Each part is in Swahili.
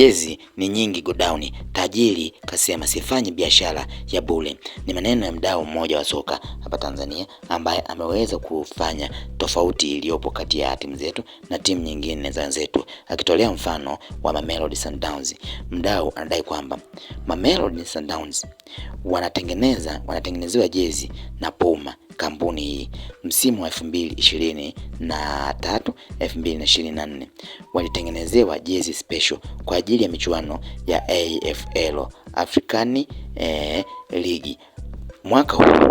jezi ni nyingi godauni, tajiri kasema sifanyi biashara ya bure. Ni maneno ya mdau mmoja wa soka hapa Tanzania ambaye ameweza kufanya tofauti iliyopo kati ya timu zetu na timu nyingine za wenzetu, akitolea mfano wa Mamelodi Sundowns. Mdau anadai kwamba Mamelodi Sundowns wanatengeneza wanatengenezewa jezi na Puma kampuni hii msimu wa 2023 2024 walitengenezewa jezi special kwa ajili ya michuano ya AFL African eh, League. Mwaka huu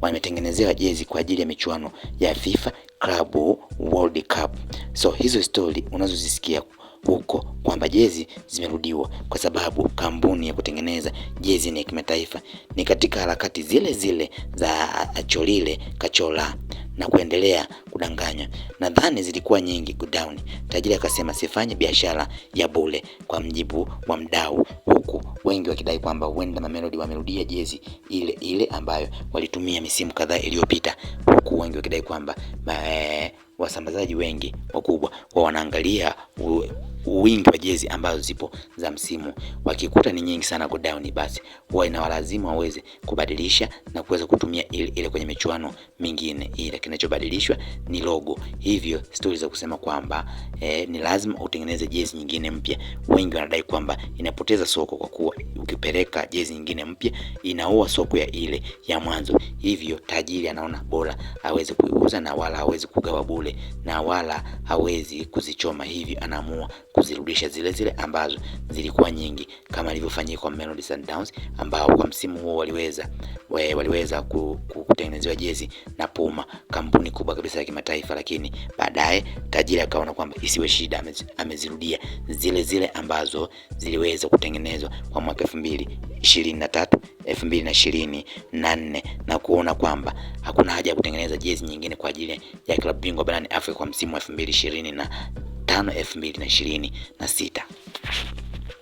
wametengenezewa jezi kwa ajili ya michuano ya FIFA Club World Cup. So hizo stori unazozisikia huko kwamba jezi zimerudiwa kwa sababu kampuni ya kutengeneza jezi ni kimataifa, ni katika harakati zile zile za acholile kachola na kuendelea kudanganywa. Nadhani zilikuwa nyingi godown. Tajiri akasema sifanye biashara ya bule kwa mjibu wa mdau, huku wengi wakidai kwamba huenda Mamelodi wamerudia jezi ile ile ambayo walitumia misimu kadhaa iliyopita, huku wengi wakidai kwamba eh, wasambazaji wengi wakubwa wanaangalia wingi wa jezi ambazo zipo za msimu, wakikuta ni nyingi sana godown, basi huwa inawalazimu waweze kubadilisha na kuweza kutumia ile ile kwenye michuano mingine, ile kinachobadilishwa ni logo. Hivyo stori za kusema kwamba eh, ni lazima utengeneze jezi nyingine mpya, wengi wanadai kwamba inapoteza soko, kwa kuwa ukipeleka jezi nyingine mpya inaua soko ya ile ya mwanzo. Hivyo tajiri anaona bora aweze kuiuza na wala hawezi kugawa bure na wala hawezi kuzichoma, hivyo anaamua kuzirudisha zile zile ambazo zilikuwa nyingi, kama ilivyofanyika kwa Mamelodi Sundowns ambao kwa msimu huo waliweza we, waliweza kutengenezewa jezi na Puma, kampuni kubwa kabisa ya kimataifa, lakini baadaye tajiri akaona kwamba isiwe shida, amezirudia zile zile ambazo ziliweza kutengenezwa kwa mwaka elfu mbili ishirini na tatu elfu mbili na ishirini na nne na kuona kwamba hakuna haja ya kutengeneza jezi nyingine kwa ajili ya klabu bingwa barani Afrika kwa msimu wa elfu mbili ishirini na tano elfu mbili na ishirini na sita.